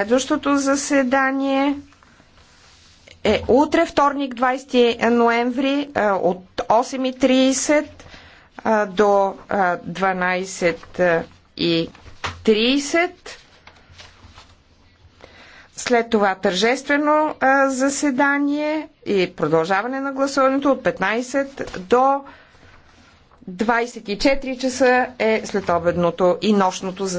Следващото заседание е утре, вторник, 20 ноември, от 8.30 до 12.30. След това тържествено заседание и продължаване на гласуването от 15 до 24 часа е след обедното и нощното заседание.